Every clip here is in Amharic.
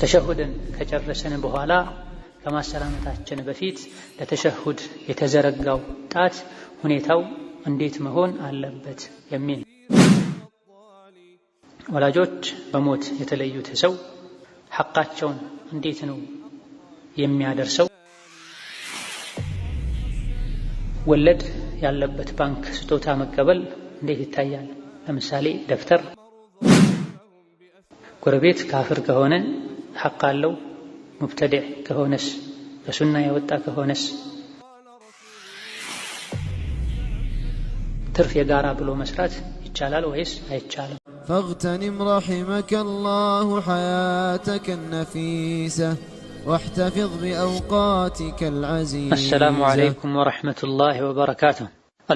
ተሸሁድን ከጨረስን በኋላ ከማሰላመታችን በፊት ለተሸሁድ የተዘረጋው ጣት ሁኔታው እንዴት መሆን አለበት የሚል ወላጆች በሞት የተለዩት ሰው ሐቃቸውን እንዴት ነው የሚያደርሰው? ወለድ ያለበት ባንክ ስጦታ መቀበል እንዴት ይታያል? ለምሳሌ ደብተር ጎረቤት ካፍር ከሆነ ሐቅ አለው? ሙብተድዕ ከሆነስ ከሱና የወጣ ከሆነስ? ትርፍ የጋራ ብሎ መስራት ይቻላል ወይስ አይቻልም? فاغتنم رحمك الله حياتك النفيسة واحتفظ بأوقاتك العزيزة السلام عليكم ورحمة الله وبركاته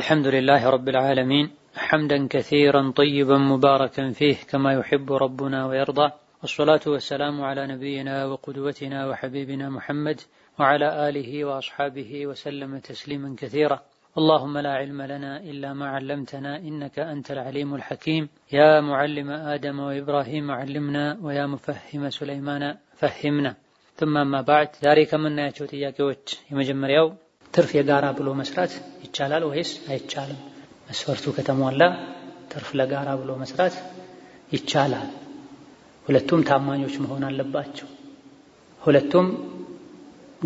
الحمد لله رب العالمين حمدا كثيرا طيبا مباركا فيه كما يحب ربنا ويرضى والصلاة والسلام على نبينا وقدوتنا وحبيبنا محمد وعلى آله وأصحابه وسلم تسليما كثيرا اللهم لا علم لنا إلا ما علمتنا إنك أنت العليم الحكيم يا معلم آدم وإبراهيم علمنا ويا مفهم سليمان فهمنا ثم ما بعد ذلك من ዛሬ يا ጥያቄዎች የመጀመሪያው ترفي የጋራ بلو مسرات يتشالال ويس አይቻልም መስፈርቱ ከተሟላ ትርፍ ለጋራ ብሎ መስራት ይቻላል። ሁለቱም ታማኞች መሆን አለባቸው። ሁለቱም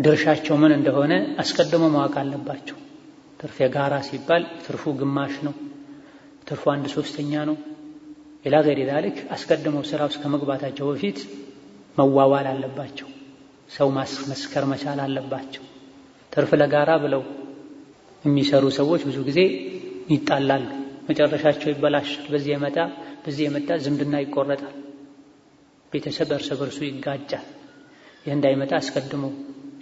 ድርሻቸው ምን እንደሆነ አስቀድሞ ማወቅ አለባቸው። ትርፍ የጋራ ሲባል ትርፉ ግማሽ ነው፣ ትርፉ አንድ ሶስተኛ ነው። ሌላ ገሪ ዛልክ አስቀድመው ስራ ውስጥ ከመግባታቸው በፊት መዋዋል አለባቸው። ሰው ማስመስከር መቻል አለባቸው። ትርፍ ለጋራ ብለው የሚሰሩ ሰዎች ብዙ ጊዜ ይጣላሉ፣ መጨረሻቸው ይበላሻል። በዚህ የመጣ በዚህ የመጣ ዝምድና ይቆረጣል፣ ቤተሰብ እርስ በርሱ ይጋጫል። ይህ እንዳይመጣ አስቀድሞ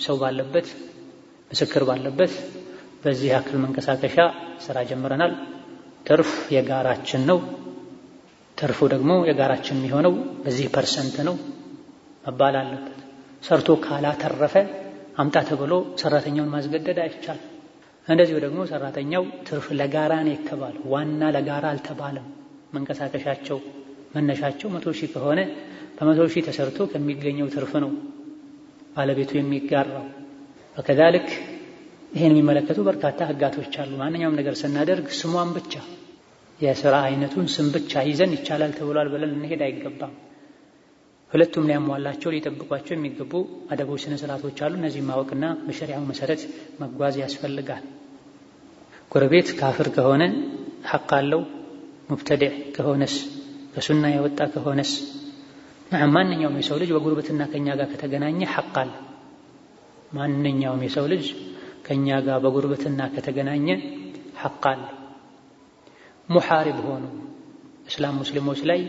ሰው ባለበት ምስክር ባለበት በዚህ አክል መንቀሳቀሻ ስራ ጀምረናል። ትርፍ የጋራችን ነው። ትርፉ ደግሞ የጋራችን የሚሆነው በዚህ ፐርሰንት ነው መባል አለበት። ሰርቶ ካላተረፈ አምጣ ተብሎ ሰራተኛውን ማስገደድ አይቻልም። እንደዚሁ ደግሞ ሰራተኛው ትርፍ ለጋራ ነው የተባለው፣ ዋና ለጋራ አልተባለም። መንቀሳቀሻቸው መነሻቸው መቶ ሺህ ከሆነ በመቶ ሺህ ተሰርቶ ከሚገኘው ትርፍ ነው ባለቤቱ የሚጋራው። ወከዛልክ ይህን የሚመለከቱ በርካታ ህጋቶች አሉ። ማንኛውም ነገር ስናደርግ ስሟን ብቻ የስራ አይነቱን ስም ብቻ ይዘን ይቻላል ተብሏል ብለን እንሄድ አይገባም። ሁለቱም ሊያሟላቸው ሊጠብቋቸው የሚገቡ አደቦች፣ ስነ ስርዓቶች አሉ። እነዚህ ማወቅና በሸሪያው መሰረት መጓዝ ያስፈልጋል። ጎረቤት ካፍር ከሆነ ሐቅ አለው። ሙብተድዕ ከሆነስ ከሱና የወጣ ከሆነስ ናም ማንኛውም የሰው ልጅ በጉርብትና ከኛ ጋር ከተገናኘ ሐቅ አለ። ማንኛውም የሰው ልጅ ከእኛ ጋር በጉርብትና ከተገናኘ ሐቅ አለ። ሙሓሪብ ሆኑ እስላም ሙስሊሞች ላይ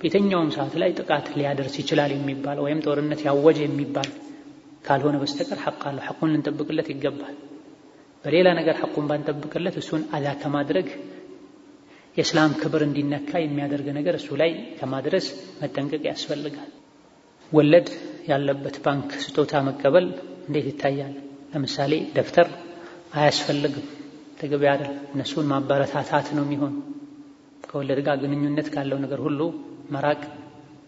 በየትኛውም ሰዓት ላይ ጥቃት ሊያደርስ ይችላል የሚባል ወይም ጦርነት ያወጀ የሚባል ካልሆነ በስተቀር ሐቅ አለው። ሐቁን ልንጠብቅለት ይገባል። በሌላ ነገር ሐቁን ባንጠብቅለት እሱን አዛ ከማድረግ የእስላም ክብር እንዲነካ የሚያደርግ ነገር እሱ ላይ ከማድረስ መጠንቀቅ ያስፈልጋል። ወለድ ያለበት ባንክ ስጦታ መቀበል እንዴት ይታያል? ለምሳሌ ደብተር አያስፈልግም፣ ተገቢ አይደል። እነሱን ማበረታታት ነው የሚሆን ከወለድ ጋር ግንኙነት ካለው ነገር ሁሉ መራቅ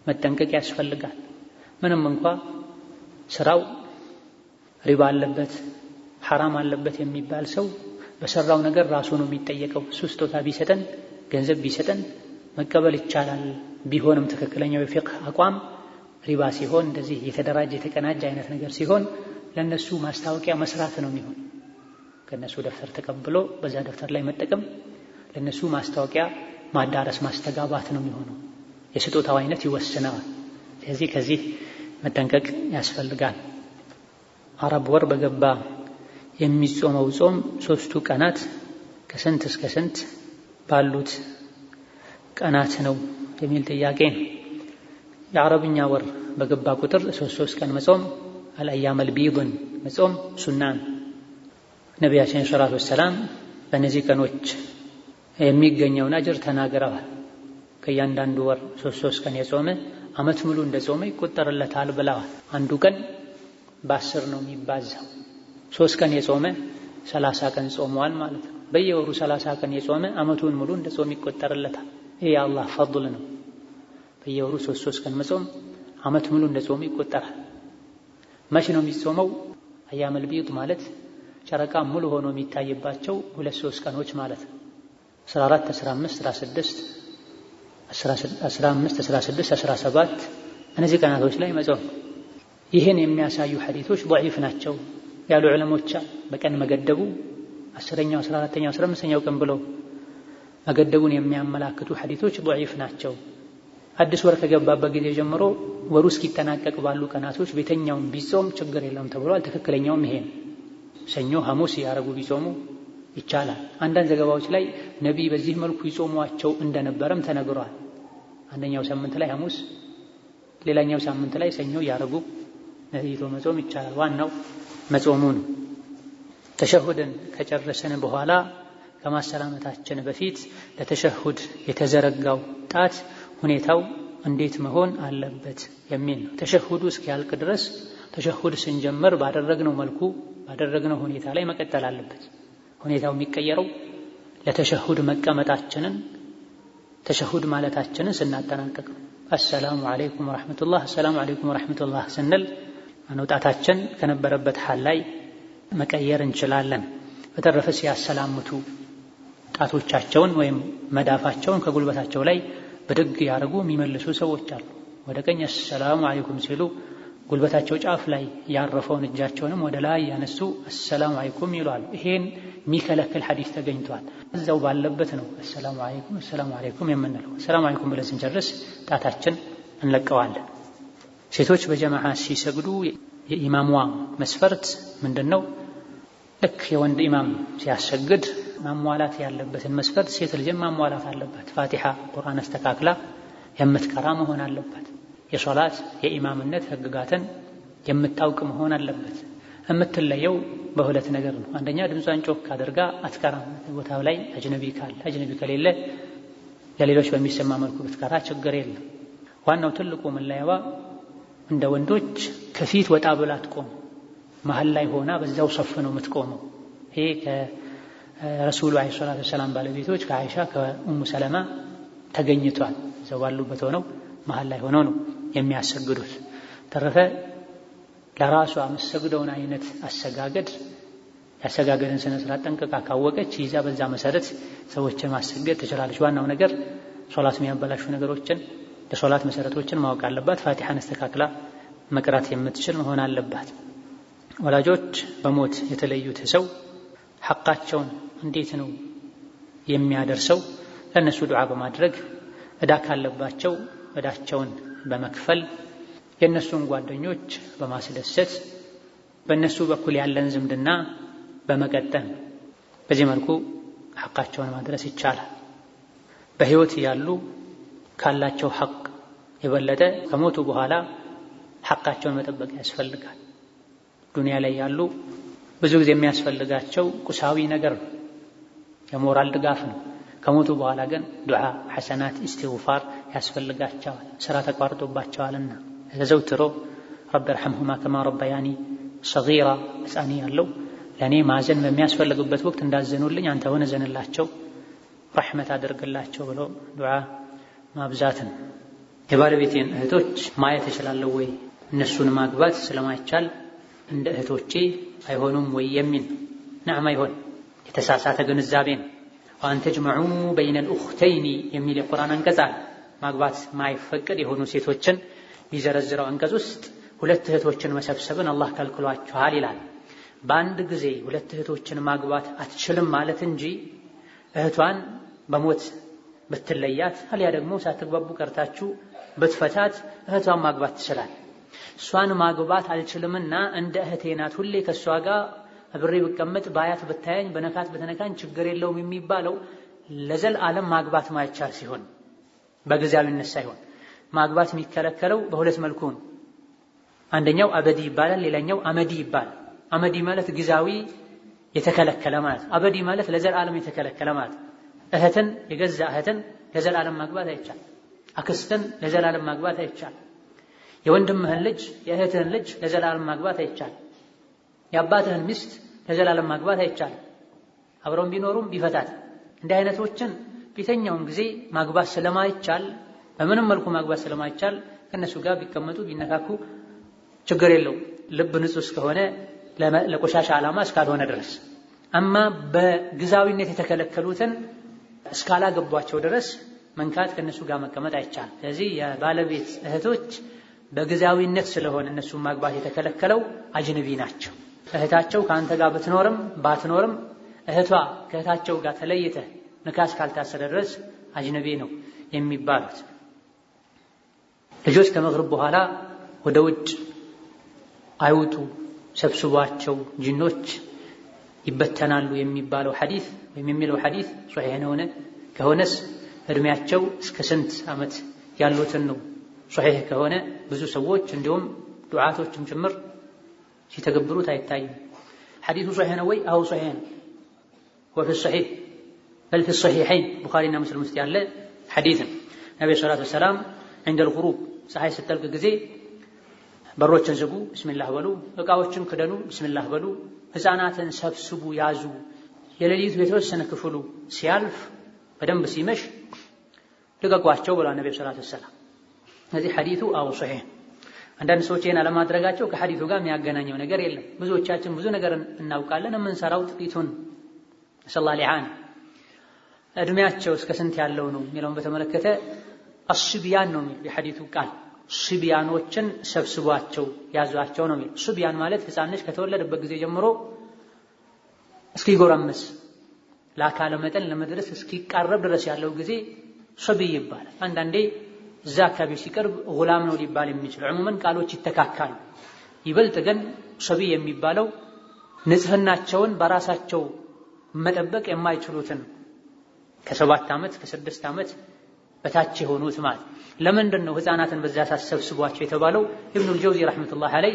መጠንቀቅ ያስፈልጋል። ምንም እንኳ ስራው ሪባ አለበት ሐራም አለበት የሚባል ሰው በሰራው ነገር ራሱ ነው የሚጠየቀው። እሱ ስጦታ ቢሰጠን ገንዘብ ቢሰጠን መቀበል ይቻላል። ቢሆንም ትክክለኛው የፊቅህ አቋም ሪባ ሲሆን እንደዚህ የተደራጀ የተቀናጀ አይነት ነገር ሲሆን ለእነሱ ማስታወቂያ መስራት ነው የሚሆን። ከእነሱ ደብተር ተቀብሎ በዛ ደብተር ላይ መጠቀም ለእነሱ ማስታወቂያ ማዳረስ ማስተጋባት ነው የሚሆነው። የስጦታው አይነት ይወስነዋል። ስለዚህ ከዚህ መጠንቀቅ ያስፈልጋል። አረብ ወር በገባ የሚጾመው ጾም ሶስቱ ቀናት ከስንት እስከ ስንት ባሉት ቀናት ነው የሚል ጥያቄ ነው። የአረብኛ ወር በገባ ቁጥር ሶስት ሶስት ቀን መጾም አልአያመል ቢድን መጾም ሱና ነቢያችን ሰላቱ ወሰላም በእነዚህ ቀኖች የሚገኘውን አጅር ተናግረዋል። ከእያንዳንዱ ወር ሶስት ሶስት ቀን የጾመ አመት ሙሉ እንደ ጾመ ይቆጠርለታል ብለዋል። አንዱ ቀን በአስር ነው የሚባዛው። ሶስት ቀን የጾመ ሰላሳ ቀን ጾመዋል ማለት ነው። በየወሩ ሰላሳ ቀን የጾመ አመቱን ሙሉ እንደ ጾም ይቆጠርለታል። ይህ የአላህ ፈضል ነው። በየወሩ ሶስት ሶስት ቀን መጾም አመት ሙሉ እንደ ጾም ይቆጠራል። መቼ ነው የሚጾመው? አያመል ቢዩት ማለት ጨረቃ ሙሉ ሆኖ የሚታይባቸው ሁለት ሶስት ቀኖች ማለት ነው። 14፣ 15፣ 16 15 16 17 እነዚህ ቀናቶች ላይ መጾም ይህን የሚያሳዩ ሐዲቶች ضعيف ናቸው ያሉ ዕለሞች በቀን መገደቡ አስረኛው አስራ አራተኛው አስራ አምስተኛው ቀን ብለው መገደቡን የሚያመላክቱ ሐዲቶች ضعيف ናቸው አዲስ ወር ከገባበት ጊዜ ጀምሮ ወሩ እስኪጠናቀቅ ባሉ ቀናቶች ቤተኛውን ቢጾም ችግር የለውም ተብሏል ትክክለኛውም ይሄን ሰኞ ሐሙስ ያረጉ ቢጾሙ ይቻላል። አንዳንድ ዘገባዎች ላይ ነቢይ በዚህ መልኩ ይጾሟቸው እንደነበረም ተነግሯል። አንደኛው ሳምንት ላይ ሐሙስ፣ ሌላኛው ሳምንት ላይ ሰኞ ያረጉ ነይቶ መጾም ይቻላል። ዋናው መጾሙ ነው። ተሸሁድን ከጨረሰን በኋላ ከማሰላመታችን በፊት ለተሸሁድ የተዘረጋው ጣት ሁኔታው እንዴት መሆን አለበት የሚል ነው። ተሸሁዱ እስኪያልቅ ድረስ ተሸሁድ ስንጀምር ባደረግነው መልኩ ባደረግነው ሁኔታ ላይ መቀጠል አለበት። ሁኔታው የሚቀየረው ለተሸሁድ መቀመጣችንን ተሸሁድ ማለታችንን ስናጠናቀቅ አሰላሙ አለይኩም ወራህመቱላህ፣ አሰላሙ አለይኩም ወራህመቱላህ ስንል መውጣታችን ከነበረበት ሀል ላይ መቀየር እንችላለን። በተረፈ ሲያሰላምቱ ጣቶቻቸውን ወይም መዳፋቸውን ከጉልበታቸው ላይ ብድግ ያደርጉ የሚመልሱ ሰዎች አሉ። ወደ ቀኝ አሰላሙ አለይኩም ሲሉ ጉልበታቸው ጫፍ ላይ ያረፈውን እጃቸውንም ወደ ላይ ያነሱ አሰላሙ አለይኩም ይሏል። ይሄን የሚከለክል ሐዲስ ተገኝቷል። እዛው ባለበት ነው አሰላሙ አለይኩም አሰላሙ አለይኩም የምንለው። አሰላሙ አለይኩም ብለን ስንጨርስ ጣታችን እንለቀዋለን። ሴቶች በጀማዓ ሲሰግዱ የኢማሟ መስፈርት ምንድን ነው? ልክ የወንድ ኢማም ሲያሰግድ ማሟላት ያለበትን መስፈርት ሴት ልጅም ማሟላት አለባት። ፋቲሓ ቁርአን አስተካክላ የምትቀራ መሆን አለባት። የሶላት የኢማምነት ህግጋትን የምታውቅ መሆን አለበት። የምትለየው በሁለት ነገር ነው። አንደኛ ድምጿን ጮክ አድርጋ አትቀራም። ቦታው ላይ አጅነቢ ካለ አጅነቢ ከሌለ ለሌሎች በሚሰማ መልኩ ብትቀራ ችግር የለም። ዋናው ትልቁ መለያዋ እንደ ወንዶች ከፊት ወጣ ብላ አትቆም፣ መሀል ላይ ሆና በዛው ሰፍ ነው የምትቆመው። ይሄ ከረሱሉ ዐለይሂ ሰላቱ ወሰላም ባለቤቶች ከአይሻ ከኡሙ ሰለማ ተገኝቷል። እዛው ባሉበት ሆነው መሀል ላይ ሆነው ነው የሚያሰግዱት። ተረፈ ለራሷ የምትሰግደውን አይነት አሰጋገድ ያሰጋገድን ስነ ስርዓት ጠንቅቃ ካወቀች ይዛ በዛ መሰረት ሰዎችን ማሰገድ ትችላለች። ዋናው ነገር ሶላት የሚያበላሹ ነገሮችን የሶላት መሰረቶችን ማወቅ አለባት። ፋቲሐን አስተካክላ መቅራት የምትችል መሆን አለባት። ወላጆች በሞት የተለዩት ሰው ሐቃቸውን እንዴት ነው የሚያደርሰው? ለእነሱ ዱዓ በማድረግ እዳ ካለባቸው እዳቸውን በመክፈል የእነሱን ጓደኞች በማስደሰት በእነሱ በኩል ያለን ዝምድና በመቀጠል በዚህ መልኩ ሐቃቸውን ማድረስ ይቻላል። በሕይወት ያሉ ካላቸው ሐቅ የበለጠ ከሞቱ በኋላ ሐቃቸውን መጠበቅ ያስፈልጋል። ዱንያ ላይ ያሉ ብዙ ጊዜ የሚያስፈልጋቸው ቁሳዊ ነገር ነው፣ የሞራል ድጋፍ ነው። ከሞቱ በኋላ ግን ዱዓ፣ ሐሰናት፣ ኢስቲግፋር ያስፈልጋቸዋል። ስራ ተቋርጦባቸዋልና ተዘውትሮ ረብ ርሐምሁማ ከማ ረባያኒ ሰራ ህፃኒ ያለው ለእኔ ማዘን በሚያስፈልግበት ወቅት እንዳዘኑልኝ አንተ ሆነ ዘንላቸው ረሕመት አድርግላቸው ብሎ ዱዓ ማብዛትን። የባለቤቴን እህቶች ማየት እችላለሁ ወይ እነሱን ማግባት ስለማይቻል እንደ እህቶቼ አይሆኑም ወይ የሚል ነዕማ ይሆን የተሳሳተ ግንዛቤ ነው። ወአን ተጅመዑ በይነል የሚል የቁርአን አንቀጽ አለ። ማግባት ማይፈቅድ የሆኑ ሴቶችን የሚዘረዝረው አንቀጽ ውስጥ ሁለት እህቶችን መሰብሰብን አላህ ከልክሏችኋል ይላል። በአንድ ጊዜ ሁለት እህቶችን ማግባት አትችልም ማለት እንጂ እህቷን በሞት ብትለያት አልያ ደግሞ ሳትግባቡ ቀርታችሁ ብትፈታት እህቷን ማግባት ትችላል። እሷን ማግባት አልችልምና እንደ እህቴ ናት፣ ሁሌ ከእሷ ጋር አብሬ ብቀመጥ በአያት ብታያኝ በነካት በተነካኝ ችግር የለውም የሚባለው ለዘል ዓለም ማግባት ማይቻል ሲሆን በጊዜያዊነት ሳይሆን ማግባት የሚከለከለው በሁለት መልኩ ነው። አንደኛው አበዲ ይባላል፣ ሌላኛው አመዲ ይባላል። አመዲ ማለት ጊዜያዊ የተከለከለ ማለት፣ አበዲ ማለት ለዘል ዓለም የተከለከለ ማለት። እህትን የገዛ እህትን ለዘል ዓለም ማግባት አይቻል። አክስትን ዓለም ማግባት አይቻል። የወንድምህን ልጅ የእህትህን ልጅ ለዘል ዓለም ማግባት አይቻል። የአባትህን ሚስት ለዘላለም ማግባት አይቻልም። አብረውም ቢኖሩም ቢፈታት እንዲህ አይነቶችን ፊተኛውን ጊዜ ማግባት ስለማይቻል በምንም መልኩ ማግባት ስለማይቻል ከእነሱ ጋር ቢቀመጡ ቢነካኩ ችግር የለው ልብ ንጹህ እስከሆነ ለቆሻሻ ዓላማ እስካልሆነ ድረስ አማ በግዛዊነት የተከለከሉትን እስካላገቧቸው ድረስ መንካት ከእነሱ ጋር መቀመጥ አይቻልም። ስለዚህ የባለቤት እህቶች በግዛዊነት ስለሆነ እነሱን ማግባት የተከለከለው አጅንቢ ናቸው። እህታቸው ከአንተ ጋር ብትኖርም ባትኖርም እህቷ ከእህታቸው ጋር ተለይተህ ንካስ ካልታሰረ ድረስ አጅነቤ ነው የሚባሉት። ልጆች ከመግሪብ በኋላ ወደ ውጭ አይውጡ፣ ሰብስቧቸው ጅኖች ይበተናሉ የሚባለው ሐዲስ ወይም የሚለው ሐዲስ ሶሒህ ነውን? ከሆነስ እድሜያቸው እስከ ስንት ዓመት ያሉትን ነው? ሶሒህ ከሆነ ብዙ ሰዎች እንዲሁም ዱዓቶችም ጭምር ሲተገብሩት አይታይም። ሐዲሱ ሶሒሕ ነው ወይ? አዎ ሶሒሕ ነው። ወፊ ሶሒሕ በል ፊ ሶሒሐይን ቡኻሪና ሙስሊም ውስጥ ያለ ሐዲስ ነው። ነቢ ሰላት ወሰላም ዒንደል ጉሩብ ፀሐይ ስትጠልቅ ጊዜ በሮችን ዝጉ፣ ብስሚላህ በሉ፣ እቃዎችን ክደኑ፣ ብስሚላህ በሉ፣ ህፃናትን ሰብስቡ፣ ያዙ። የሌሊቱ የተወሰነ ክፍሉ ሲያልፍ በደንብ ሲመሽ ልቀቋቸው ብሏል ነቢ ሰላት ወሰላም። እነዚህ ሐዲቱ አዎ ሶሒሕ አንዳንድ ሰዎች ይህን አለማድረጋቸው ከሐዲቱ ጋር የሚያገናኘው ነገር የለም። ብዙዎቻችን ብዙ ነገር እናውቃለን፣ የምንሰራው ጥቂቱን። ሰላ ሊዓን እድሜያቸው እስከ ስንት ያለው ነው የሚለውን በተመለከተ አስቢያን ነው የሚለው የሐዲቱ ቃል። ሱቢያኖችን ሰብስቧቸው ያዟቸው ነው የሚል ሱቢያን ማለት ህፃንሽ ከተወለደበት ጊዜ ጀምሮ እስኪጎረምስ ለአካለ መጠን ለመድረስ እስኪቃረብ ድረስ ያለው ጊዜ ሱብይ ይባላል። አንዳንዴ እዛ አካባቢ ሲቀርብ ጉላም ነው ሊባል የሚችል ዕሙመን ቃሎች ይተካካሉ። ይበልጥ ግን ሰቢ የሚባለው ንጽህናቸውን በራሳቸው መጠበቅ የማይችሉትን ከሰባት ዓመት ከስድስት ዓመት በታች የሆኑት ማለት ለምንድን ነው ህፃናትን በዛ ሳሰብስቧቸው የተባለው? ኢብኑል ጀውዚ ረሕመቱላህ አለይ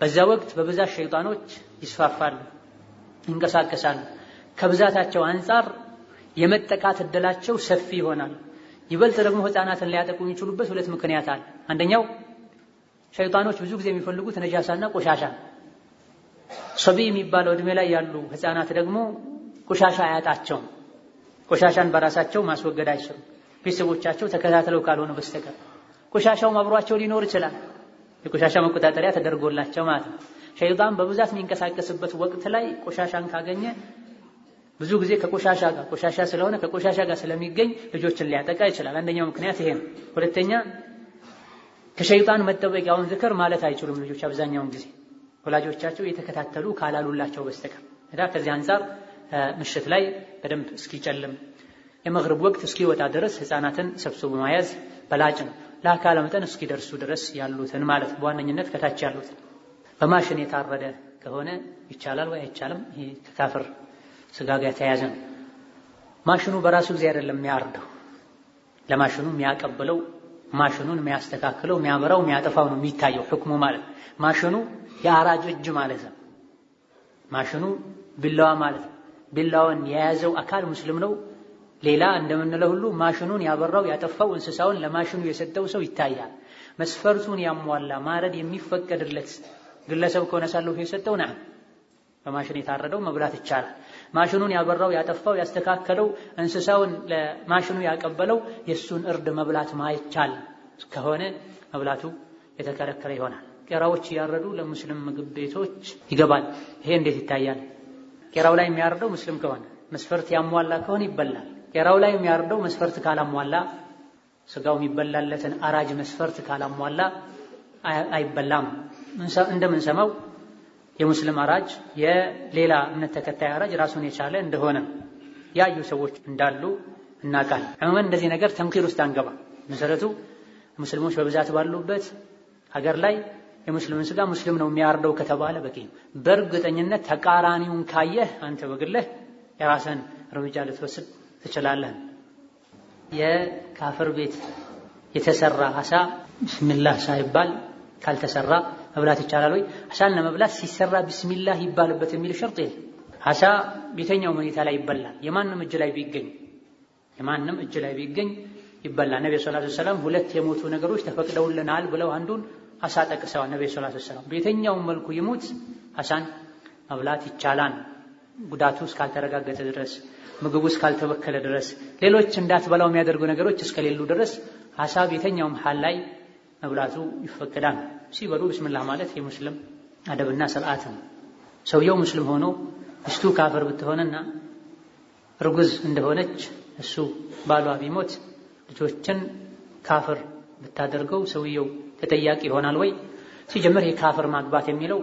በዛ ወቅት በብዛት ሸይጣኖች ይስፋፋሉ፣ ይንቀሳቀሳሉ። ከብዛታቸው አንጻር የመጠቃት እድላቸው ሰፊ ይሆናል። ይበልጥ ደግሞ ህፃናትን ሊያጠቁ የሚችሉበት ሁለት ምክንያት አለ። አንደኛው ሸይጣኖች ብዙ ጊዜ የሚፈልጉት ነጃሳና ቆሻሻ። ሰቢ የሚባለው እድሜ ላይ ያሉ ህፃናት ደግሞ ቆሻሻ አያጣቸውም። ቆሻሻን በራሳቸው ማስወገድ አይችሉም፣ ቤተሰቦቻቸው ተከታትለው ካልሆነ በስተቀር ቆሻሻውም አብሯቸው ሊኖር ይችላል። የቆሻሻ መቆጣጠሪያ ተደርጎላቸው ማለት ነው። ሸይጣን በብዛት የሚንቀሳቀስበት ወቅት ላይ ቆሻሻን ካገኘ ብዙ ጊዜ ከቆሻሻ ጋር ቆሻሻ ስለሆነ ከቆሻሻ ጋር ስለሚገኝ ልጆችን ሊያጠቃ ይችላል። አንደኛው ምክንያት ይሄ ነው። ሁለተኛ ከሸይጣን መጠበቂያውን ዝክር ማለት አይችሉም ልጆች አብዛኛውን ጊዜ ወላጆቻቸው የተከታተሉ ካላሉላቸው በስተቀር እዳ ከዚህ አንጻር ምሽት ላይ በደንብ እስኪጨልም የመግሪብ ወቅት እስኪወጣ ድረስ ህፃናትን ሰብስቦ መያዝ በላጭ ነው። ለአካለ መጠን እስኪደርሱ ድረስ ያሉትን ማለት በዋነኝነት ከታች ያሉትን በማሽን የታረደ ከሆነ ይቻላል ወይ አይቻልም? ይሄ ከካፍር ስጋ ጋር የተያያዘ ነው። ማሽኑ በራሱ ጊዜ አይደለም የሚያርደው። ለማሽኑ የሚያቀብለው ማሽኑን የሚያስተካክለው የሚያበራው የሚያጠፋው ነው የሚታየው ሕክሙ ማለት ነው። ማሽኑ የአራጅ እጅ ማለት ነው። ማሽኑ ቢላዋ ማለት ነው። ቢላዋን የያዘው አካል ሙስሊም ነው። ሌላ እንደምንለው ሁሉ ማሽኑን ያበራው ያጠፋው እንስሳውን ለማሽኑ የሰጠው ሰው ይታያል። መስፈርቱን ያሟላ ማረድ የሚፈቀድለት ግለሰብ ከሆነ ሳለሁ የሰጠው ነው በማሽን የታረደው መብላት ይቻላል። ማሽኑን ያበራው፣ ያጠፋው፣ ያስተካከለው እንስሳውን ለማሽኑ ያቀበለው የእሱን እርድ መብላት ማይቻል ከሆነ መብላቱ የተከለከለ ይሆናል። ቄራዎች እያረዱ ለሙስሊም ምግብ ቤቶች ይገባል። ይሄ እንዴት ይታያል? ቄራው ላይ የሚያርደው ሙስሊም ከሆነ መስፈርት ያሟላ ከሆነ ይበላል። ቄራው ላይ የሚያርደው መስፈርት ካላሟላ፣ ስጋው የሚበላለትን አራጅ መስፈርት ካላሟላ አይበላም እንደምንሰማው የሙስሊም አራጅ የሌላ እምነት ተከታይ አራጅ ራሱን የቻለ እንደሆነ ያዩ ሰዎች እንዳሉ እናቃል ዕመመን እንደዚህ ነገር ተምኪር ውስጥ አንገባ። መሰረቱ ሙስሊሞች በብዛት ባሉበት ሀገር ላይ የሙስሊምን ስጋ ሙስሊም ነው የሚያርደው ከተባለ በቂ ነው። በእርግጠኝነት ተቃራኒውን ካየህ አንተ በግለህ የራስን እርምጃ ልትወስድ ትችላለህ። የካፍር ቤት የተሰራ አሳ ብስሚላህ ሳይባል ካልተሰራ መብላት ይቻላል ወይ? አሳን ለመብላት ሲሰራ ቢስሚላህ ይባልበት የሚል ሸርጥ የለም። አሳ የተኛው ሁኔታ ላይ ይበላል። የማንም እጅ ላይ ቢገኝ የማንም እጅ ላይ ቢገኝ ይበላል። ነቢ ሰለላሁ ዐለይሂ ሁለት የሞቱ ነገሮች ተፈቅደውልናል ብለው አንዱን አሳ ጠቅሰዋል። ነቢ ሰለላሁ ዐለይሂ ወሰለም መልኩ ይሙት አሳን መብላት ይቻላል ጉዳቱ እስካልተረጋገጠ ድረስ ምግቡ እስካልተበከለ ድረስ ሌሎች እንዳትበላው የሚያደርጉ ነገሮች እስከሌሉ ድረስ አሳ በየትኛውም ሐል ላይ መብላቱ ይፈቀዳል። ሲበሉ ብስምላህ ማለት የሙስሊም አደብና ስርዓት ነው። ሰውየው ሙስሊም ሆኖ እስቱ ካፈር ብትሆንና እርጉዝ እንደሆነች እሱ ባሏ ቢሞት ልጆችን ካፍር ብታደርገው ሰውየው ተጠያቂ ይሆናል ወይ? ሲጀምር ይህ ካፍር ማግባት የሚለው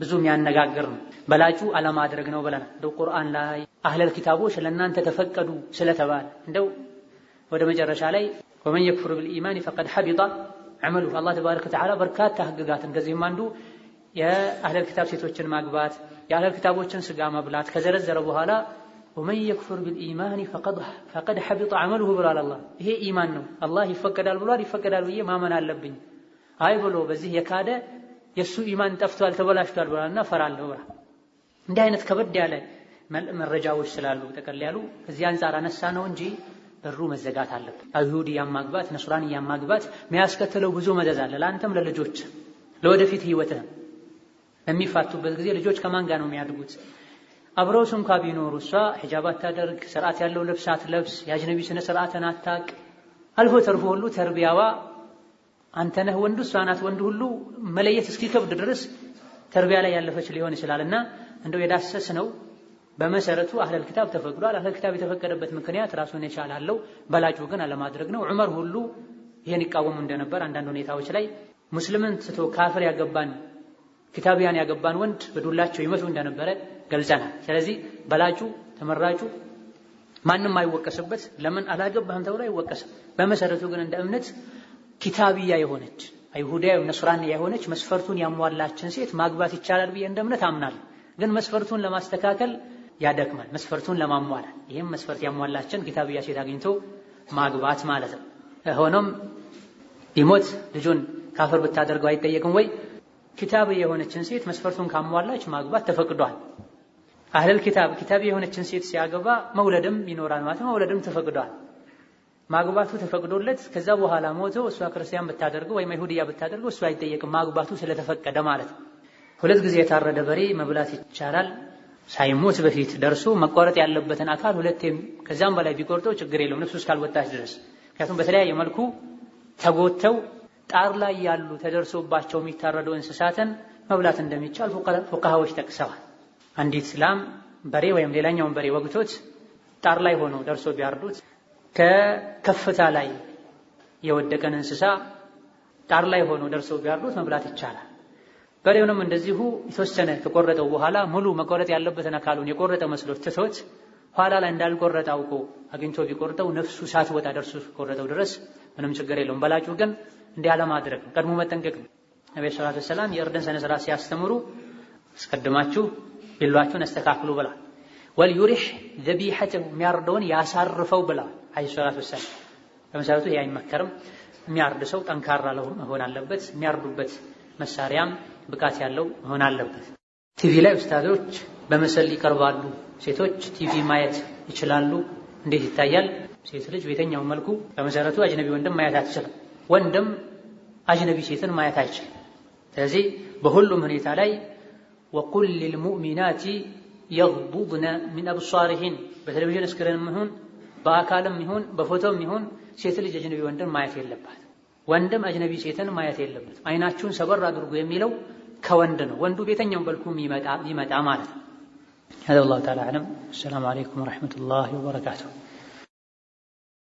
ብዙ የሚያነጋግር ነው። በላጩ አለማድረግ ነው ብለናል። እንደው ቁርአን ላይ አህለል ኪታቦች ለእናንተ ተፈቀዱ ስለተባለ እንደው ወደ መጨረሻ ላይ ወመን የክፍር ብልኢማን ፈቀድ ሐቢጣ ዑመር አላህ ተባረከ ወተዓላ በርካታ ህግጋትን ከዚህም አንዱ የአህለል ኪታብ ሴቶችን ማግባት የአህለል ኪታቦችን ስጋ መብላት ከዘረዘረ በኋላ ወመን የክፍር ቢልኢማን ፈቀድ ሐቢጠ ዐመሉሁ ብሏል። አላህ ይሄ ኢማን ነው። አላህ ይፈቀዳል ብሏል። ይፈቀዳል ብዬ ማመን አለብኝ። አይ ብሎ በዚህ የካደ የእሱ ኢማን ጠፍቷል፣ ተበላሽቷል ብሏልና ፈራለሁ ብላ እንዲህ አይነት ከበድ ያለ መረጃዎች ስላሉ ጠቀል ያሉ ከዚህ አንጻር አነሳ ነው እንጂ በሩ መዘጋት አለበት። አይሁድ እያማግባት ነሱራን እያማግባት የሚያስከትለው ብዙ መዘዝ አለ። ለአንተም፣ ለልጆች፣ ለወደፊት ህይወትህም። በሚፋቱበት ጊዜ ልጆች ከማን ጋር ነው የሚያድጉት? አብረውስ እንኳ ቢኖሩ እሷ ሒጃብ አታደርግ፣ ስርዓት ያለው ልብስ አትለብስ፣ የአጅነቢ ስነ ስርዓትን አታቅ። አልፎ ተርፎ ሁሉ ተርቢያዋ አንተ ነህ ወንዱ፣ እሷ ናት ወንዱ ሁሉ መለየት እስኪከብድ ድረስ ተርቢያ ላይ ያለፈች ሊሆን ይችላልና እንደው የዳሰስ ነው በመሰረቱ አህለል ክታብ ተፈቅዷል። አህለል ኪታብ የተፈቀደበት ምክንያት ራሱን የቻለ አለው። በላጩ ግን አለማድረግ ነው። ዑመር ሁሉ ይህን ይቃወሙ እንደነበር አንዳንድ ሁኔታዎች ላይ ሙስልምን ስቶ ካፍር ያገባን ኪታቢያን ያገባን ወንድ በዱላቸው ይመቱ እንደነበረ ገልጸናል። ስለዚህ በላጩ ተመራጩ ማንም አይወቀስበት። ለምን አላገባህም ተብሎ አይወቀስም። በመሰረቱ ግን እንደ እምነት ኪታቢያ የሆነች አይሁዳዊ ነስራንያ የሆነች መስፈርቱን ያሟላችን ሴት ማግባት ይቻላል ብዬ እንደ እምነት አምናለሁ። ግን መስፈርቱን ለማስተካከል ያደክማል፣ መስፈርቱን ለማሟላት። ይህም መስፈርት ያሟላችን ኪታብያ ሴት አግኝቶ ማግባት ማለት ነው። ሆኖም ቢሞት ልጁን ካፈር ብታደርገው አይጠየቅም ወይ? ኪታብ የሆነችን ሴት መስፈርቱን ካሟላች ማግባት ተፈቅዷል። አህለል ኪታብ ኪታብ የሆነችን ሴት ሲያገባ መውለድም ይኖራል ማለት ነው። መውለድም ተፈቅዷል። ማግባቱ ተፈቅዶለት ከዛ በኋላ ሞቶ እሷ ክርስቲያን ብታደርገው ወይም አይሁድያ ብታደርገው እሱ አይጠየቅም፣ ማግባቱ ስለተፈቀደ ማለት ነው። ሁለት ጊዜ የታረደ በሬ መብላት ይቻላል ሳይሞት በፊት ደርሶ መቋረጥ ያለበትን አካል ሁለቴም ከዛም በላይ ቢቆርጠው ችግር የለውም ነፍሱ እስካልወጣች ድረስ። ምክንያቱም በተለያየ መልኩ ተጎተው ጣር ላይ ያሉ ተደርሶባቸው የሚታረደው እንስሳትን መብላት እንደሚቻል ፉካሃዎች ጠቅሰዋል። አንዲት ላም በሬ ወይም ሌላኛውን በሬ ወግቶት ጣር ላይ ሆኖ ደርሶ ቢያርዱት ከከፍታ ላይ የወደቀን እንስሳ ጣር ላይ ሆኖ ደርሶ ቢያርዱት መብላት ይቻላል። በሬውንም እንደዚሁ የተወሰነ ከቆረጠው በኋላ ሙሉ መቆረጥ ያለበትን አካሉን የቆረጠ መስሎት ትቶት ኋላ ላይ እንዳልቆረጠ አውቆ አግኝቶ ቢቆርጠው ነፍሱ ሳትወጣ ደርሶ ቆረጠው ድረስ ምንም ችግር የለውም። በላጩ ግን እንዲህ አለማድረግ ቀድሞ መጠንቀቅ ነው። ነቢ ሰላቱ ወሰላም የእርድን ስነ ስርዓት ሲያስተምሩ አስቀድማችሁ ቢሏችሁን አስተካክሉ ብላል። ወልዩሪሕ ዘቢሐተሁ የሚያርደውን ያሳርፈው ብላል አለይሂ ሰላቱ ወሰላም። በመሰረቱ ይህ አይመከርም። የሚያርድ ሰው ጠንካራ መሆን አለበት። የሚያርዱበት መሳሪያም ብቃት ያለው መሆን አለበት። ቲቪ ላይ ኡስታዞች በመሰል ይቀርባሉ። ሴቶች ቲቪ ማየት ይችላሉ። እንዴት ይታያል? ሴት ልጅ በየትኛው መልኩ? በመሰረቱ አጅነቢ ወንድም ማየት አትችልም። ወንድም አጅነቢ ሴትን ማየት አይችልም። ስለዚህ በሁሉም ሁኔታ ላይ ወቁል ሊልሙእሚናቲ የግቡድነ ሚን አብሷሪሂን በቴሌቪዥን እስክሪንም ይሁን በአካልም ይሁን በፎቶም ይሁን ሴት ልጅ አጅነቢ ወንድም ማየት የለባት። ወንድም አጅነቢ ሴትን ማየት የለበትም። አይናችሁን ሰበር አድርጉ የሚለው ከወንድ ነው። ወንዱ ቤተኛውን በልኩ ይመጣ ማለት ነው። አላሁ ተዓላ አዕለም። አሰላሙ አለይኩም ወረሕመቱላሂ ወበረካቱሁ።